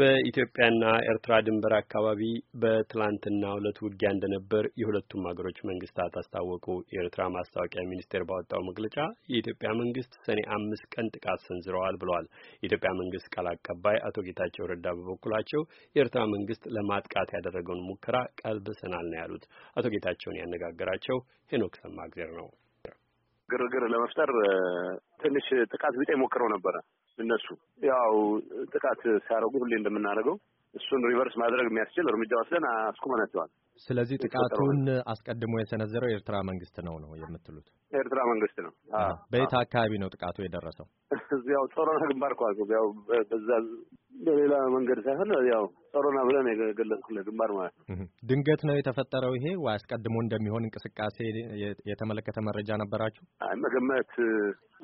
በኢትዮጵያና ኤርትራ ድንበር አካባቢ በትላንትና ሁለት ውጊያ እንደነበር የሁለቱም ሀገሮች መንግስታት አስታወቁ። የኤርትራ ማስታወቂያ ሚኒስቴር ባወጣው መግለጫ የኢትዮጵያ መንግስት ሰኔ አምስት ቀን ጥቃት ሰንዝረዋል ብለዋል። የኢትዮጵያ መንግስት ቃል አቀባይ አቶ ጌታቸው ረዳ በበኩላቸው የኤርትራ መንግስት ለማጥቃት ያደረገውን ሙከራ ቀልብሰናል ነው ያሉት። አቶ ጌታቸውን ያነጋገራቸው ሄኖክ ሰማግዜር ነው። ግርግር ለመፍጠር ትንሽ ጥቃት ቢጤ ሞክረው ነበረ እነሱ ያው ጥቃት ሲያደርጉ ሁሌ እንደምናደርገው እሱን ሪቨርስ ማድረግ የሚያስችል እርምጃ ወስደን አስቁመናቸዋል። ስለዚህ ጥቃቱን አስቀድሞ የሰነዘረው የኤርትራ መንግስት ነው ነው የምትሉት? ኤርትራ መንግስት ነው። በየት አካባቢ ነው ጥቃቱ የደረሰው? እዚያው ጦሮና ግንባር ኳ ያው በዛ በሌላ መንገድ ሳይሆን ያው ጦሮና ብለን የገለጽኩለት ግንባር ማለት ነው። ድንገት ነው የተፈጠረው ይሄ ወይ አስቀድሞ እንደሚሆን እንቅስቃሴ የተመለከተ መረጃ ነበራችሁ? አይ መገመት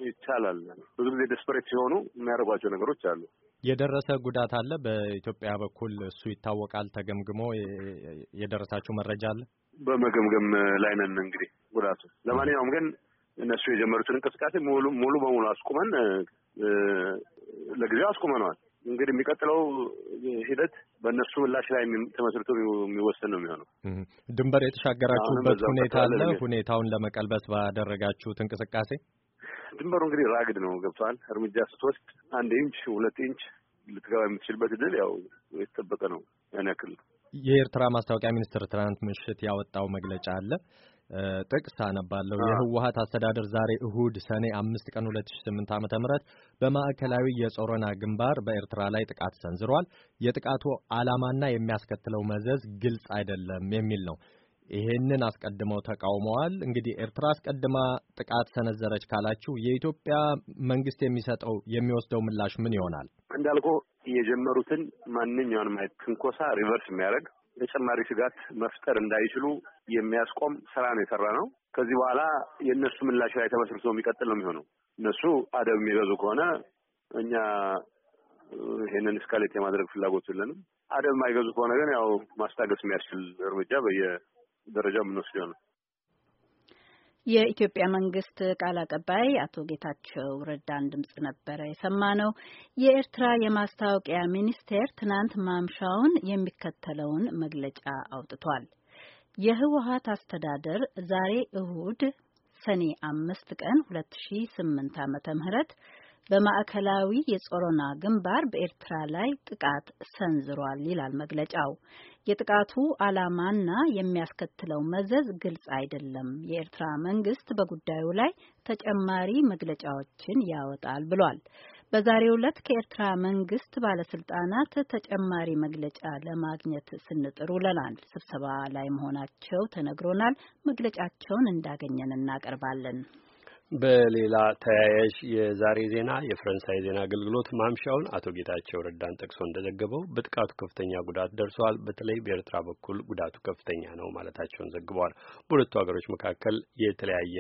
ይቻላል። ብዙ ጊዜ ደስፐሬት ሲሆኑ የሚያደርጓቸው ነገሮች አሉ። የደረሰ ጉዳት አለ? በኢትዮጵያ በኩል እሱ ይታወቃል። ተገምግሞ የደረሳችሁ መረጃ አለ? በመገምገም ላይ ነን እንግዲህ ጉዳቱ። ለማንኛውም ግን እነሱ የጀመሩትን እንቅስቃሴ ሙሉ ሙሉ በሙሉ አስቁመን ለጊዜው አስቁመነዋል። እንግዲህ የሚቀጥለው ሂደት በእነሱ ምላሽ ላይ ተመስርቶ የሚወሰን ነው የሚሆነው። ድንበር የተሻገራችሁበት ሁኔታ አለ። ሁኔታውን ለመቀልበስ ባደረጋችሁት እንቅስቃሴ ድንበሩ እንግዲህ ራግድ ነው ገብቷል። እርምጃ ስትወስድ አንድ ኢንች ሁለት ኢንች ልትገባ የምትችልበት እድል ያው የተጠበቀ ነው። ያን የኤርትራ ማስታወቂያ ሚኒስትር ትናንት ምሽት ያወጣው መግለጫ አለ ጥቅስ አነባለሁ። የህወሀት አስተዳደር ዛሬ እሁድ ሰኔ አምስት ቀን ሁለት ሺ ስምንት ዓመተ ምህረት በማዕከላዊ የጾረና ግንባር በኤርትራ ላይ ጥቃት ሰንዝሯል። የጥቃቱ ዓላማና የሚያስከትለው መዘዝ ግልጽ አይደለም የሚል ነው። ይሄንን አስቀድመው ተቃውመዋል። እንግዲህ ኤርትራ አስቀድማ ጥቃት ሰነዘረች ካላችሁ የኢትዮጵያ መንግስት የሚሰጠው የሚወስደው ምላሽ ምን ይሆናል? እንዳልኩ የጀመሩትን ማንኛውንም አይነት ትንኮሳ ሪቨርስ የሚያደርግ ተጨማሪ ስጋት መፍጠር እንዳይችሉ የሚያስቆም ስራ ነው የሰራ ነው። ከዚህ በኋላ የእነሱ ምላሽ ላይ ተመስርቶ የሚቀጥል ነው የሚሆነው። እነሱ አደብ የሚገዙ ከሆነ እኛ ይሄንን እስካሌት የማድረግ ፍላጎት የለንም። አደብ የማይገዙ ከሆነ ግን ያው ማስታገስ የሚያስችል እርምጃ በየ ደረጃ የምንወስደው ነው። የኢትዮጵያ መንግስት ቃል አቀባይ አቶ ጌታቸው ረዳን ድምጽ ነበረ የሰማ ነው። የኤርትራ የማስታወቂያ ሚኒስቴር ትናንት ማምሻውን የሚከተለውን መግለጫ አውጥቷል። የህወሀት አስተዳደር ዛሬ እሁድ ሰኔ አምስት ቀን ሁለት ሺ ስምንት አመተ ምህረት በማዕከላዊ የጾሮና ግንባር በኤርትራ ላይ ጥቃት ሰንዝሯል ይላል መግለጫው። የጥቃቱ ዓላማና የሚያስከትለው መዘዝ ግልጽ አይደለም። የኤርትራ መንግስት በጉዳዩ ላይ ተጨማሪ መግለጫዎችን ያወጣል ብሏል። በዛሬው ዕለት ከኤርትራ መንግስት ባለስልጣናት ተጨማሪ መግለጫ ለማግኘት ስንጥር ውለናል። ስብሰባ ላይ መሆናቸው ተነግሮናል። መግለጫቸውን እንዳገኘን እናቀርባለን። በሌላ ተያያዥ የዛሬ ዜና የፈረንሳይ ዜና አገልግሎት ማምሻውን አቶ ጌታቸው ረዳን ጠቅሶ እንደዘገበው በጥቃቱ ከፍተኛ ጉዳት ደርሷል፣ በተለይ በኤርትራ በኩል ጉዳቱ ከፍተኛ ነው ማለታቸውን ዘግበዋል። በሁለቱ ሀገሮች መካከል የተለያየ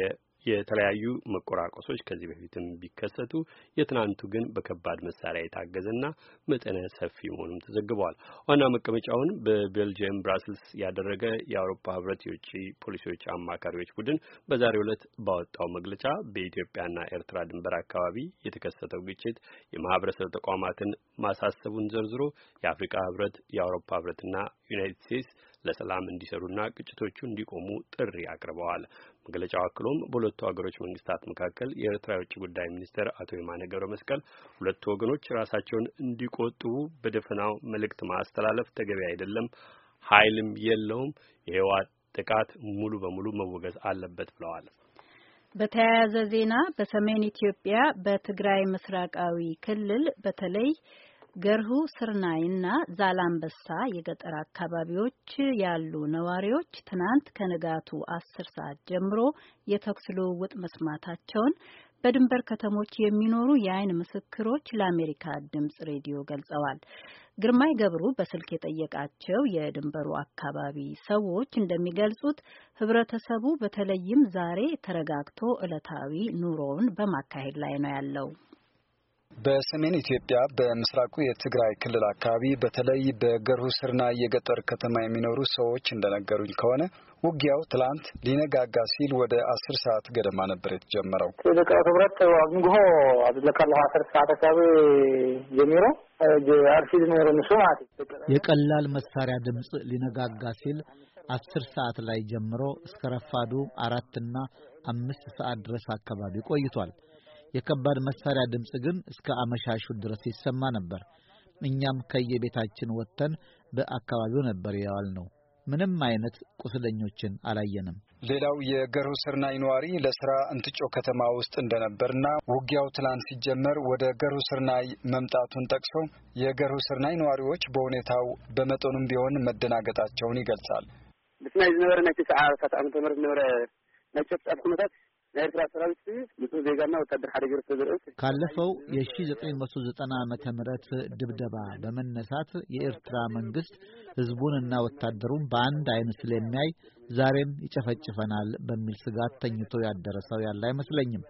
የተለያዩ መቆራቆሶች ከዚህ በፊትም ቢከሰቱ የትናንቱ ግን በከባድ መሳሪያ የታገዘና መጠነ ሰፊ መሆኑም ተዘግበዋል። ዋና መቀመጫውን በቤልጅየም ብራስልስ ያደረገ የአውሮፓ ሕብረት የውጭ ፖሊሲዎች አማካሪዎች ቡድን በዛሬው ዕለት ባወጣው መግለጫ በኢትዮጵያና ኤርትራ ድንበር አካባቢ የተከሰተው ግጭት የማህበረሰብ ተቋማትን ማሳሰቡን ዘርዝሮ የአፍሪካ ሕብረት የአውሮፓ ሕብረትና ዩናይትድ ስቴትስ ለሰላም እንዲሰሩና ግጭቶቹ እንዲቆሙ ጥሪ አቅርበዋል። መግለጫው አክሎም በሁለቱ ሀገሮች መንግስታት መካከል የኤርትራ የውጭ ጉዳይ ሚኒስትር አቶ የማነ ገብረ መስቀል ሁለቱ ወገኖች ራሳቸውን እንዲቆጥቡ በደፈናው መልእክት ማስተላለፍ ተገቢ አይደለም፣ ኃይልም የለውም፣ የህወሓት ጥቃት ሙሉ በሙሉ መወገዝ አለበት ብለዋል። በተያያዘ ዜና በሰሜን ኢትዮጵያ በትግራይ ምስራቃዊ ክልል በተለይ ገርሁ ስርናይ እና ዛላምበሳ የገጠር አካባቢዎች ያሉ ነዋሪዎች ትናንት ከንጋቱ አስር ሰዓት ጀምሮ የተኩስ ልውውጥ መስማታቸውን በድንበር ከተሞች የሚኖሩ የአይን ምስክሮች ለአሜሪካ ድምጽ ሬዲዮ ገልጸዋል። ግርማይ ገብሩ በስልክ የጠየቃቸው የድንበሩ አካባቢ ሰዎች እንደሚገልጹት ህብረተሰቡ በተለይም ዛሬ ተረጋግቶ ዕለታዊ ኑሮውን በማካሄድ ላይ ነው ያለው። በሰሜን ኢትዮጵያ በምስራቁ የትግራይ ክልል አካባቢ በተለይ ስርና የገጠር ከተማ የሚኖሩ ሰዎች እንደነገሩኝ ከሆነ ውጊያው ትላንት ሊነጋጋ ሲል ወደ አስር ሰዓት ገደማ ነበር የተጀመረው። ደቂ ክብረት ኣብንግሆ ኣብ ሰዓት አካባቢ ጀሚሮ አርሲ ዝነበረ ንሱ ማለት የቀላል መሳሪያ ድምፅ ሊነጋጋ ሲል አስር ሰዓት ላይ ጀምሮ እስከ ረፋዱ አራትና አምስት ሰዓት ድረስ አካባቢ ቆይቷል። የከባድ መሳሪያ ድምፅ ግን እስከ አመሻሹ ድረስ ይሰማ ነበር። እኛም ከየቤታችን ወጥተን በአካባቢው ነበር የዋል ነው። ምንም አይነት ቁስለኞችን አላየንም። ሌላው የገሩ ስርናይ ነዋሪ ለስራ እንትጮ ከተማ ውስጥ እንደነበርና ውጊያው ትላንት ሲጀመር ወደ ገሩ ስርናይ መምጣቱን ጠቅሶ የገሩ ስርናይ ነዋሪዎች በሁኔታው በመጠኑም ቢሆን መደናገጣቸውን ይገልጻል። ብስናይ ዝነበረ ናይ ትስዓ ርሳት ዓመተ ምህረት ዝነበረ ናይ ጨብጣብ ኩነታት የኤርትራ ሰራዊት ንጹህ ዜጋና ወታደር ሓደገ ካለፈው የሺ ዘጠኝ መቶ ዘጠና ዓመተ ምህረት ድብደባ በመነሳት የኤርትራ መንግስት ህዝቡንና ወታደሩን በአንድ አይነት ስለሚያይ ዛሬም ይጨፈጭፈናል በሚል ስጋት ተኝቶ ያደረሰው ያለ አይመስለኝም።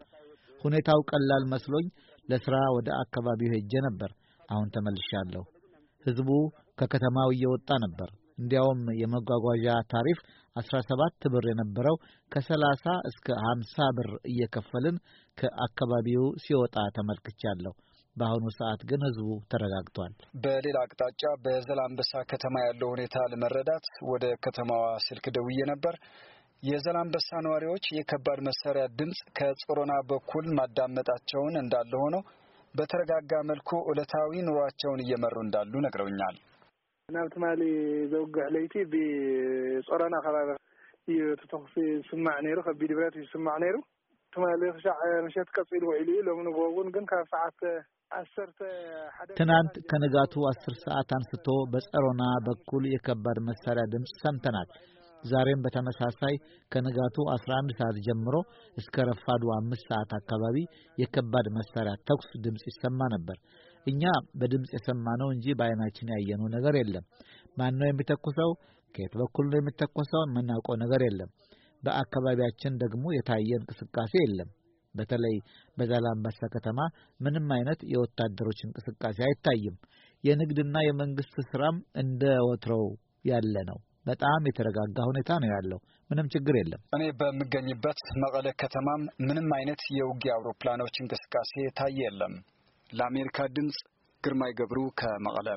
ሁኔታው ቀላል መስሎኝ ለስራ ወደ አካባቢው ሄጄ ነበር። አሁን ተመልሻለሁ። ህዝቡ ከከተማው እየወጣ ነበር። እንዲያውም የመጓጓዣ ታሪፍ 17 ብር የነበረው ከ30 እስከ 50 ብር እየከፈልን ከአካባቢው ሲወጣ ተመልክቻለሁ። በአሁኑ ሰዓት ግን ህዝቡ ተረጋግቷል። በሌላ አቅጣጫ በዘላንበሳ ከተማ ያለው ሁኔታ ለመረዳት ወደ ከተማዋ ስልክ ደውዬ ነበር። የዘላንበሳ ነዋሪዎች የከባድ መሳሪያ ድምፅ ከጾሮና በኩል ማዳመጣቸውን እንዳለ ሆነው በተረጋጋ መልኩ ዕለታዊ ኑሯቸውን እየመሩ እንዳሉ ነግረውኛል። ናብ ትማሊ ዘውግሕ ለይቲ ብፆረና ከባቢ እዩ እቲ ዝስማዕ ነይሩ ከቢድ ብረት እዩ ዝስማዕ ነይሩ ትማሊ ክሻዕ መሸት ቀፂሉ ውዒሉ እዩ ሎሚ ንጎ እውን ግን ካብ ሰዓት ዓሰርተ ሓደ ትናንት ከንጋቱ አስር ሰዓት አንስቶ በፀሮና በኩል የከባድ መሳርያ ድምፂ ሰምተናል። ዛሬም በተመሳሳይ ከንጋቱ 11 ሰዓት ጀምሮ እስከ ረፋዱ አምስት ሰዓት አካባቢ የከባድ መሳሪያ ተኩስ ድምፅ ይሰማ ነበር። እኛ በድምፅ የሰማነው እንጂ በዓይናችን ያየነው ነገር የለም። ማን ነው የሚተኩሰው? ከየት በኩል ነው የሚተኮሰው? የምናውቀው ነገር የለም። በአካባቢያችን ደግሞ የታየ እንቅስቃሴ የለም። በተለይ በዛላምበሳ ከተማ ምንም አይነት የወታደሮች እንቅስቃሴ አይታይም። የንግድና የመንግስት ስራም እንደ ወትሮው ያለ ነው። በጣም የተረጋጋ ሁኔታ ነው ያለው። ምንም ችግር የለም። እኔ በምገኝበት መቀለ ከተማም ምንም አይነት የውጊያ አውሮፕላኖች እንቅስቃሴ ታየ የለም። ለአሜሪካ ድምፅ ግርማይ ገብሩ ከመቀለ።